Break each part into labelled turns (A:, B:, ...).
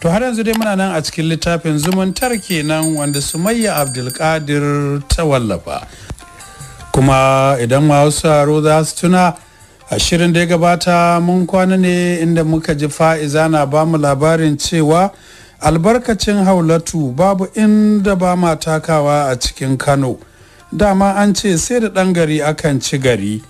A: to har yanzu dai muna nan a cikin littafin zumuntar kenan wanda sumayya abdulkadir ta wallafa kuma idan masu haro za su tuna a shirin da ya gabata mun kwana ne inda muka ji fa'iza na ba mu labarin cewa albarkacin haulatu babu inda ba ma takawa a cikin kano dama an ce sai da ɗan gari akan ci gari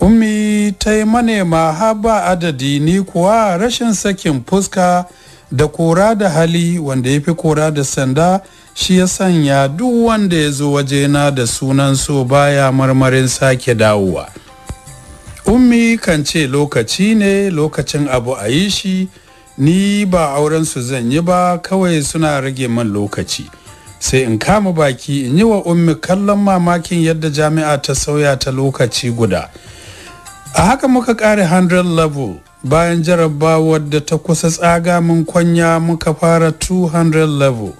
A: ummi ta yi manema haba adadi ni kuwa rashin sakin fuska da kora da hali wanda ya fi kora da sanda shi ya sanya duk wanda ya zo wajena da sunan so baya marmarin sake dawowa ummi kan ce lokaci ne lokacin abu a yi shi ni ba auren su zan yi ba kawai suna rage man lokaci sai in kama baki in yi wa ummi kallon mamakin yadda jami'a ta sauya ta lokaci guda a haka muka kare 100 level bayan jarabawar da ta kusa tsaga mun kwanya muka fara 200 level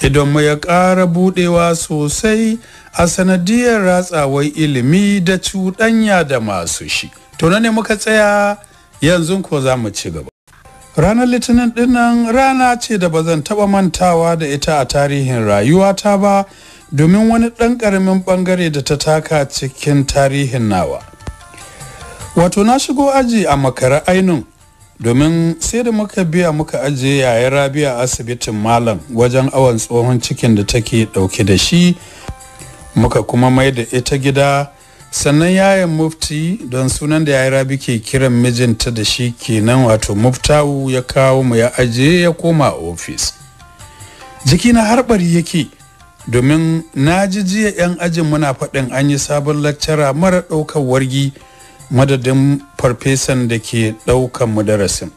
A: idan mu ya ƙara buɗewa sosai a sanadiyar ratsawar ilimi da cuɗanya da masu shi to ne muka tsaya yanzu ko za mu ci gaba ranar litinin dinnan rana ce da ba zan taɓa mantawa da ita a tarihin rayuwata ba domin wani ɗan ƙaramin ɓangare da ta taka cikin tarihin nawa wato na shigo aji a makara ainun domin sai da muka biya muka ajiye yayin rabia asibitin malam wajen awon tsohon cikin da take dauke da shi muka kuma mai da ita gida sannan yayin mufti don sunan da yayin rabi ke kiran mijinta da shi kenan wato muftawu ya kawo mu ya ajiye ya koma ofis jiki na harbar yake domin na ji jiya 'yan ajin muna faɗin an yi sabon lakcara mara ɗaukar wargi madadin farfesan da ke ɗaukan mu darasin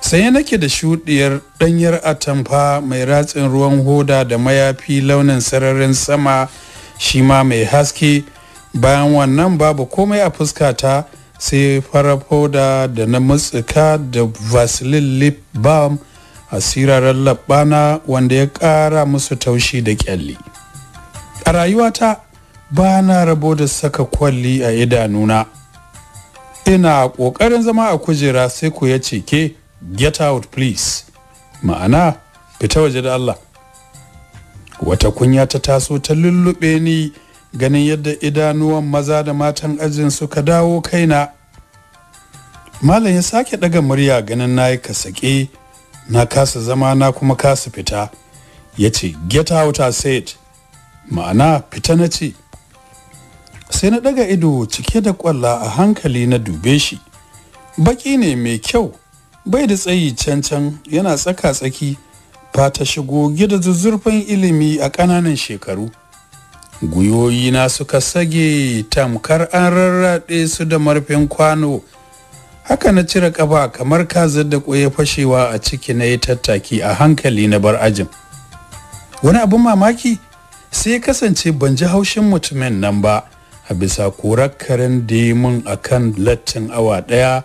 A: sai nake da shuɗiyar ɗanyar atamfa mai ratsin ruwan hoda da mayafi launin sararin sama shi ma mai haske bayan wannan babu komai a fuskata sai fara foda da na matsuka da vaseline lip balm a siraran labbana wanda ya ƙara musu taushi da ƙyalli a rayuwata ba na rabo da saka kwalli a idanuna ina ƙoƙarin zama a kujera sai ku ya ce ke get out please ma'ana fita waje da Allah wata kunya ta taso ta lullube ni ganin yadda idanuwan maza da matan ajin suka dawo kaina malam ya sake ɗaga murya ganin na yi kasake na kasa zama na kuma kasa fita ya ce get out i said ma'ana fita na ce sai na daga ido cike da kwalla a hankali na dube shi baki ne mai kyau bai da tsayi cancan yana tsaka-tsaki ba ta shigo gida zuzzurfin ilimi a ƙananan shekaru na suka sage tamkar an rarraɗe su da marfin kwano haka na cire ƙafa kamar kazar da ƙoye fashewa a ciki na yi tattaki a hankali na bar ajin wani abin mamaki sai kasance ban ji haushin mutumin nan ba a bisa korar karen da yi mun a kan lattin awa ɗaya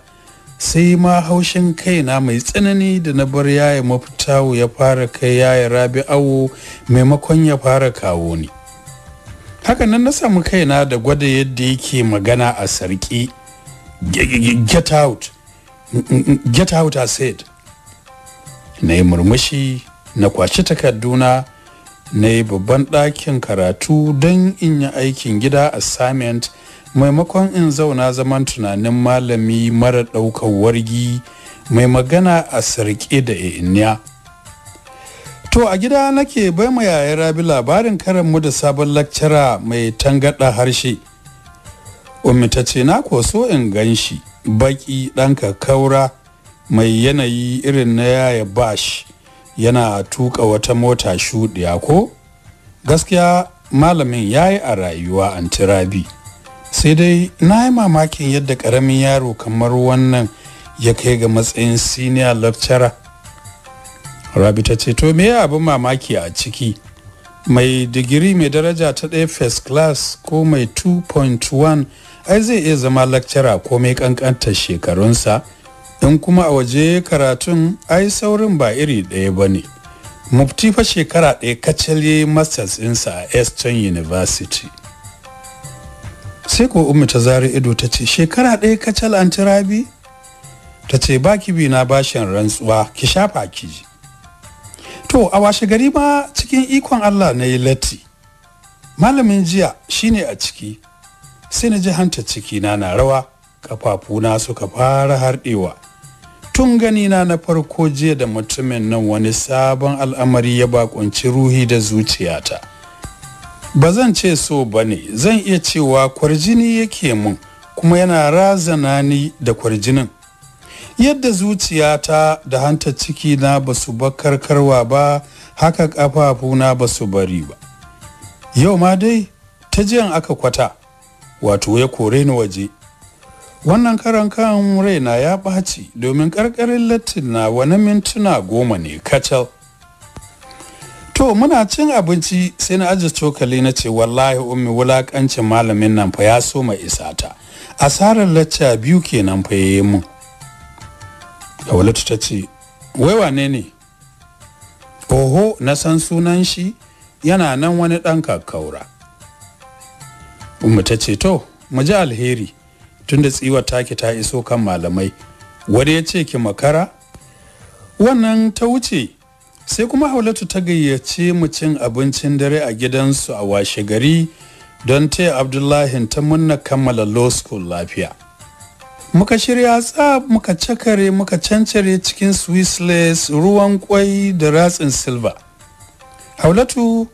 A: sai ma haushin kaina mai tsanani da na bar yaya mafitawo ya fara kai yaya rabi awo maimakon ya fara kawo ni nan na samu kaina da gwada yadda yake magana a sarki get out mm, mm, mm, get out i said na yi murmushi na kwashi takarduna na yi babban ɗakin karatu don in yi aikin gida assignment maimakon in zauna zaman tunanin malami mara ɗaukar wargi mai magana a Sarki da inniya to a gida nake bai ma yaya rabi labarin karanmu da sabon lakcara mai tangaɗa harshe ummi ta ce na so in gan shi baƙi ɗan kaura mai yanayi irin na yaya bash yana tuka wata mota shuɗiya ko gaskiya malamin ya yi a rayuwa an rabi sai dai na yi mamakin yadda ƙaramin yaro kamar wannan ya kai ga matsayin senior lecturer rabi ta ce to me abin mamaki a ciki mai digiri mai daraja ta ɗaya first class ko mai 2.1 ai zai iya zama lecturer ko mai ƙanƙantar shekarunsa in kuma a waje karatun ai saurin ba iri ɗaya ba ne mufti fa shekara ɗaya kacal ya yi masters ɗinsa a eastern university sai ko ummi ta zari ido ta ce shekara ɗaya kacal an rabi ta ce ba ki na bashin rantsuwa ki shafa ki ji to a washe gari ma cikin ikon allah na yi latti malamin jiya shine a ciki sai na ji hanta ciki na na rawa kafafuna suka fara harɗewa tun ganina na farko jiya da mutumin nan wani sabon al'amari ya bakunci ruhi da zuciyata ba zan ce so ba ne zan iya cewa kwarjini yake mun kuma yana razana ni da kwarjinin yadda zuciyata da hanta ciki na ba su karkarwa ba haka ƙafafuna ba su bari ba yau ma dai ta jiyan aka kwata wato ya kore ni waje wannan karan kan raina ya ɓaci domin ƙarƙarin latin na wani mintuna goma ne kacal to muna cin abinci sai na ajiye cokali na ce wallahi ummi wulakancin malamin nan fa ya so mai isata asarar lacca biyu kenan fa yayi mun Dawlatu ta ce wai wane ne oho na san sunan shi yana nan wani ɗan kakkaura ummi ta ce to mu ji alheri tunda tsiwa take ta iso kan malamai wani ya ce ki makara wannan ta wuce sai kuma haulatu ta gayyace mu cin abincin dare a gidansu a washe gari don taya abdullahi ta munna kammala law school lafiya muka shirya tsab muka cakare muka cancare cikin swissless ruwan kwai da ratsin silva haulatu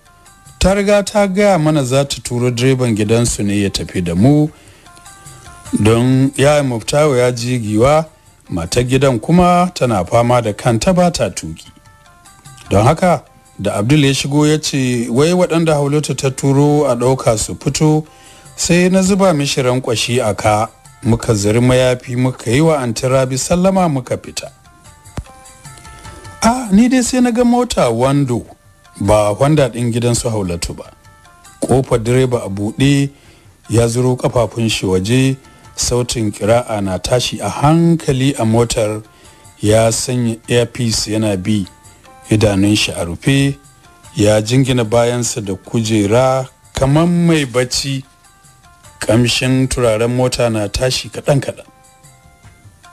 A: ta riga ta gaya mana za ta turo direban gidansu ne ya tafi da mu don yayin muftawa ya ji giwa matar gidan kuma tana fama da kanta ba ta tuki don haka da abdul ya shigo ya ce wai waɗanda haulatu ta turo a ɗauka su fito sai na zuba mishi rankwashi a ka muka zari mayafi muka yi wa antirabi sallama muka fita a ah, ni dai sai na ga mota wando ba wanda ɗin gidan su haulatu ba ƙofar direba a buɗe ya zuro kafafun shi waje sautin kira'a na tashi a hankali a motar ya sanya earpiece yana bi idanun shi a rufe ya jingina bayansa da kujera kamar mai bacci kamshin turaren mota na tashi kaɗan-kaɗan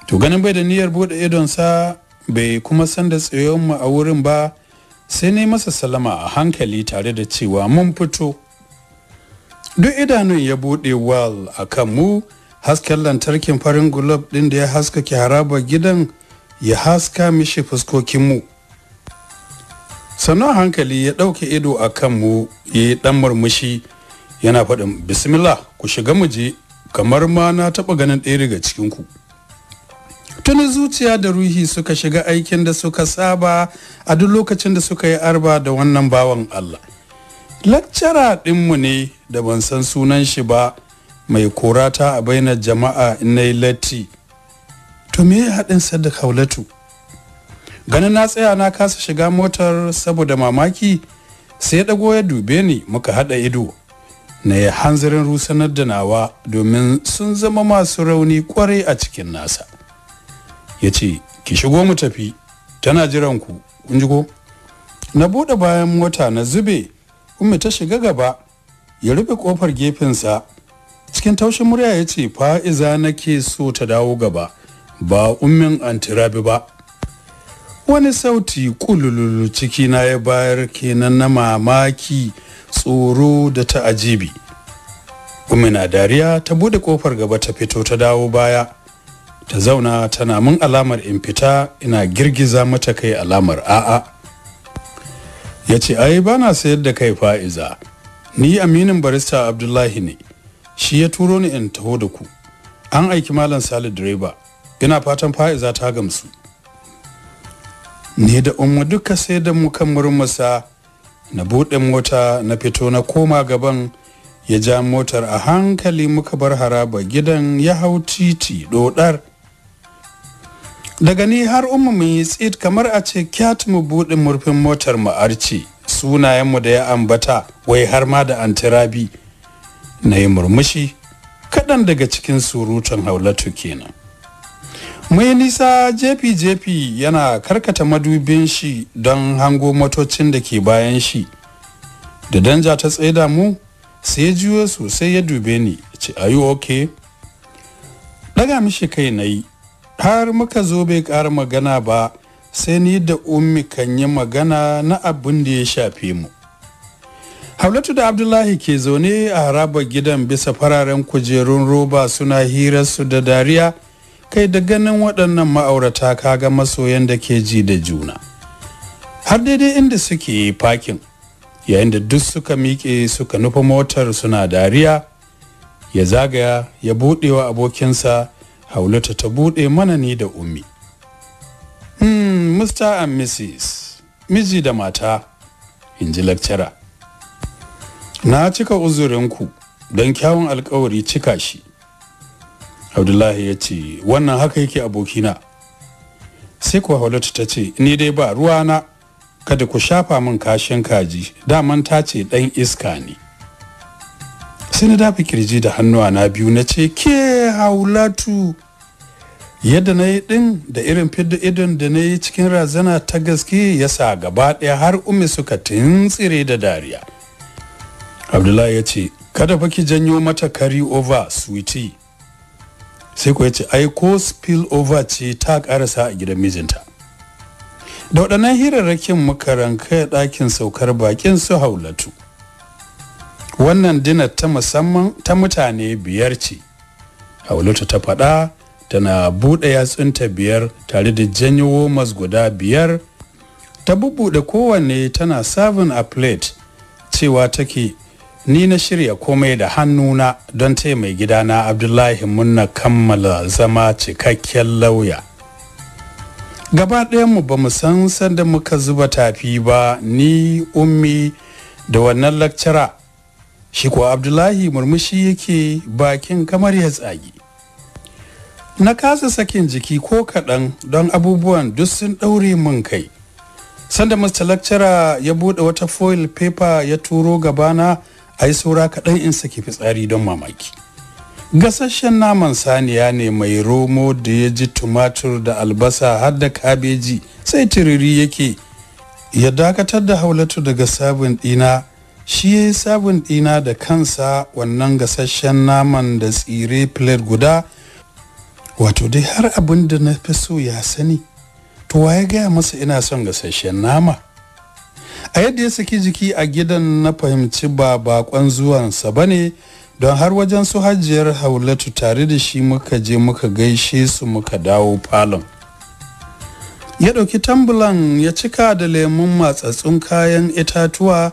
A: to ganin bai da niyyar bude idonsa bai kuma san da mu a wurin ba sai ne masa salama a hankali tare da cewa mun fito duk idanun ya bude wal a kan mu hasken lantarkin farin gulob ɗin da ya haska ke harabar gidan ya haska mishi fuskokinmu sannan hankali ya ɗauke ido a kanmu ya yi ɗan murmushi yana faɗin bismillah ku shiga mu je kamar ma na taɓa ganin ɗaya daga cikinku tuni zuciya da ruhi suka shiga aikin da suka saba a duk lokacin da suka yi arba da wannan bawan allah lakcara ɗinmu ne da ban san sunan shi ba mai korata a bainar jama'a in na yi latti to me ya haɗin sadda kaulatu ganin na tsaya na kasa shiga motar saboda mamaki sai ɗago ya dube ni muka haɗa ido na yi hanzarin rusanar da nawa domin sun zama masu rauni kwarai a cikin nasa ya ce ki shigo mu tafi tana jiran ku kun na buɗe bayan mota na zube kuma ta shiga gaba ya rufe kofar gefensa cikin taushin murya ya ce fa'iza nake so ta dawo gaba ba ummin antirabi ba wani sauti kululu ciki na ya bayar kenan na mamaki tsoro da ta ajibi umina dariya ta bude kofar gaba ta fito ta dawo baya ta zauna tana mun alamar in fita ina girgiza mata kai alamar a'a ya ce ai bana sayar da kai fa'iza ni aminin barista abdullahi ne shi ya turo ni in taho da ku an aiki malam salih direba ina fatan fa'iza ta gamsu ne da umma duka sai da mu kan murmusa na buɗe mota na fito na koma gaban ya ja motar a hankali muka bar haraba gidan ya hau titi dodar daga ni har umma mun yi tsit kamar a ce kyat mu buɗe murfin motar mu arce sunayenmu da ya ambata wai har ma da antirabi na yi murmushi kaɗan daga cikin surutun haulatu kenan mai nisa jefi-jefi yana karkata madubin shi don hango motocin da ke bayan shi da danja ta tsaida mu sai ya juyo sosai ya dube ni ce a yi okay daga mishi kai na yi har muka zo bai ƙara magana ba sai ni da ummi kan yi magana na abin da ya shafe mu Haulatu da Abdullahi ke zaune a harabar gidan bisa fararen kujerun roba suna hirarsu da dariya kai da ganin waɗannan ma'aurata kaga masoyan da ke ji da juna. Har daidai inda suke fakin yayin da duk suka miƙe suka nufa motar suna dariya ya zagaya ya buɗe wa abokinsa Haulata ta buɗe mana ni da ummi. Hmm, Mr. and Mrs. Miji da mata, in ji lakcara na cika uzurinku don kyawun alkawari cika shi abdullahi ya ce wannan haka yake abokina sai kuwa haulatu ta ce ni dai ba ruwana kada ku shafa min kashin kaji daman ta ce ɗan iska ne sai na dafa kirji da hannuwa na biyu na ce ke haulatu yadda na yi din da irin fidda idon da na yi cikin razana ta gaske ya sa gaba ɗaya har umi suka tintsire da dariya abdullahi ya ce kada fa ki janyo mata carry over sweetie sai ku ya ce ai ko spill over ce ta karasa a gidan mijinta da waɗannan hirarrakin makaranka ɗakin saukar bakin su haulatu wannan dinar ta musamman ta mutane biyar ce haulatu ta faɗa tana buɗe yatsunta biyar tare da janyo guda biyar ta da kowanne tana serving a plate cewa take ni na shirya komai da hannuna don taya mai gidana abdullahi munna kammala zama cikakken lauya gaba mu ba mu san sanda muka zuba tafi ba ni ummi da wannan lakcara shi ko abdullahi murmushi yake bakin kamar ya tsagi na kasa sakin jiki ko kaɗan don abubuwan duk sun ɗaure min kai sanda mr lakcara ya buɗe wata foil paper ya turo gabana ai saura kaɗan in saki fitsari don mamaki gasashen naman saniya ne mai romo da ya ji tumatur da albasa har da kabeji sai tiriri yake ya dakatar da haulatu daga sabon ɗina shi ya yi sabon ɗina da kansa wannan gasashen naman da tsire plate guda wato dai har abin da na fi so ya sani to ya gaya masa ina son gasashen nama a yadda ya saki jiki a gidan na fahimci ba bakon zuwansa ba ne don har wajen su hajiyar haulatu tare da shi muka je muka gaishe su muka dawo falon ya ɗauki tambulan ya cika da lemun matsatsun kayan itatuwa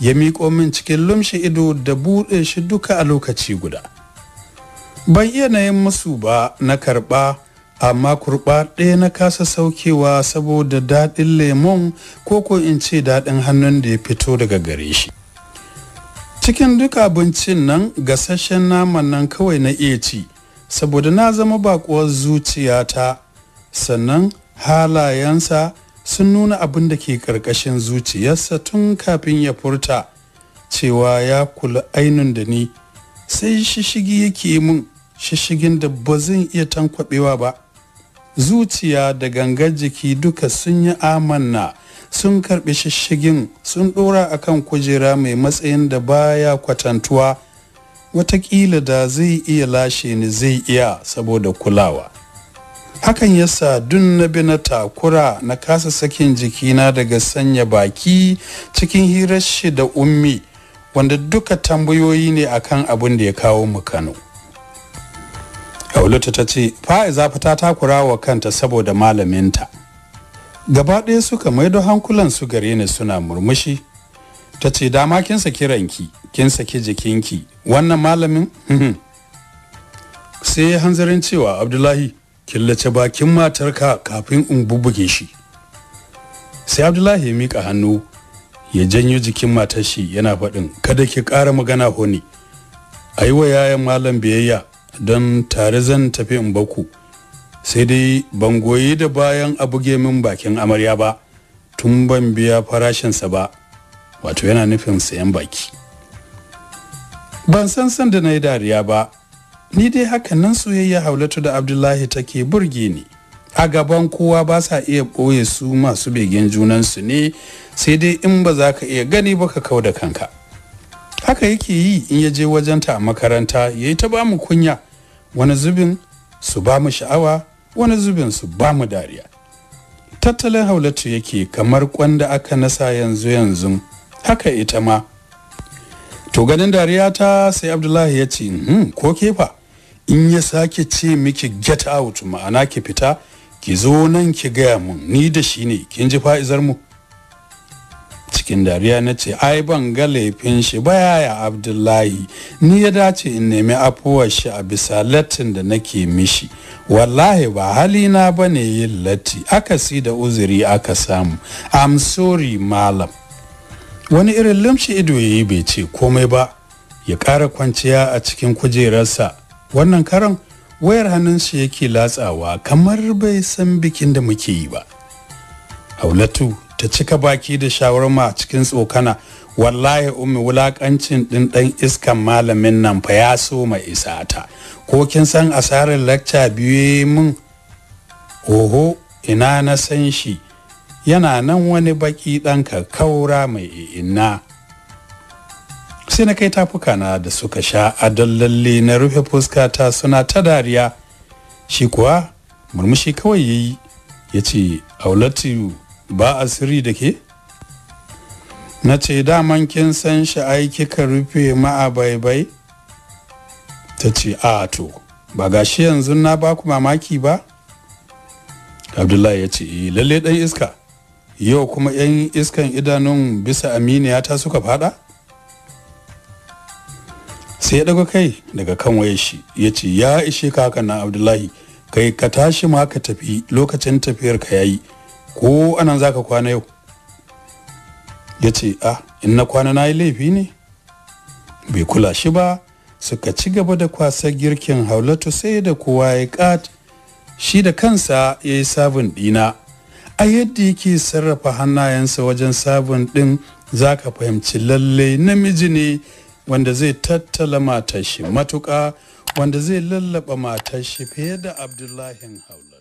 A: ya miƙo min cikin lumshi ido da buɗe shi duka a lokaci guda ban iya na yin musu ba na karɓa amma kurɓa ɗaya na kasa saukewa saboda daɗin lemon ko ko in ce daɗin hannun da ya fito daga gare shi cikin duk abincin nan gasasshen naman nan kawai na iya ci saboda na zama bakuwar zuciyata sannan halayensa sun nuna abin da ke ƙarƙashin zuciyarsa tun kafin ya furta cewa ya kula ainun da ni sai shishigi yake mun shishigin da ba zan iya tankwaɓewa ba zuciya da gangar jiki duka sun yi amanna sun karbi shishigin sun dora akan kujera mai matsayin da baya kwatantuwa watakila da zai iya lashe ni zai iya saboda kulawa hakan yasa dun na bi na takura na kasa sakin jikina daga sanya baki cikin hirar shi da ummi wanda duka tambayoyi ne akan abin da ya kawo mu kano Daulatu ta ce fa'iza fa ta takura wa kanta saboda malaminta. Gaba ɗaya suka maido hankulan su gare ni suna murmushi. Ta ce dama kin saki ranki, kin saki jikinki, wannan malamin? Mhm. Sai ya hanzarin cewa Abdullahi, killace bakin matarka kafin in bubbuge shi. Sai Abdullahi ya mika hannu ya janyo jikin matar shi yana faɗin kada ki ƙara magana honi. Aiwa yayan malam biyayya don tare zan tafi in baku sai dai ban goyi da bayan a buge min bakin amarya ba tun ban biya farashinsa ba wato yana nufin sayan baki ban san san da na yi dariya ba ni dai haka nan soyayya haulatu da abdullahi take burge ni a gaban kowa ba sa iya ɓoye su masu begen junansu ne sai dai in ba za ka iya gani ba ka kau da kanka haka yake yi in ya je wajenta a makaranta ya yi ta ba mu kunya wani zubin su ba mu sha'awa wani zubin su ba mu dariya tattalin haulatu yake kamar kwanda aka nasa yanzu yanzu haka ita ma to ganin dariya ta sai abdullahi ya ce hmm, ko kefa in ya sake ce miki get out ma'ana ki fita ki zo nan ki gaya mun ni da shi ne kin ji fa'izar mu cikin dariya na ce ai ban ga laifin shi ba yaya abdullahi ni ya dace in nemi afuwar shi a bisa latin da nake mishi wallahi ba halina ba ne yin aka si da uzuri aka samu am sorry malam wani irin limshi ido ya bai ce komai ba ya ƙara kwanciya a cikin kujerarsa wannan karan wayar hannun shi yake latsawa kamar bai san bikin da muke yi ba Haulatu ta cika baki da shawarma cikin tsokana wallahi ummi wulakancin din dan iskan malamin nan fa ya so mai isa ta ko kin san asarar lecture biyu mun. oho ina na san shi yana nan wani baki dan kaura mai ina sai na kai tafuka na da suka sha a adallalle na rufe fuskata suna ta dariya shi kuwa murmushi kawai yayi yace aulatu ba a sirri da ke na ce daman kin san shi ai kika rufe ma'a bai ta ce a to ba gashi yanzu na ba ku mamaki ba abdullahi ya ce eh, lalle dan iska yau kuma yan iskan idanun bisa aminiya ta suka fada sai ya kai daga kan wayar shi ya ce ya ishe ka na abdullahi kai ka tashi ma ka tafi lokacin tafiyar ka yayi ko anan zaka kwana yau ya ce a in na kwana na yi laifi ne bai kula shi ba suka ci gaba da kwasa girkin haulatu sai da kowa ya kat shi da kansa ya yi sabon dina a yadda yake sarrafa hannayensa wajen sabon din zaka fahimci lalle namiji ne wanda zai tattala matar shi matuƙa wanda zai lallaba matar shi fiye da Abdullahi haula